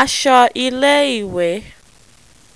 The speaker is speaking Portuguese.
Aṣọ ilé ìwé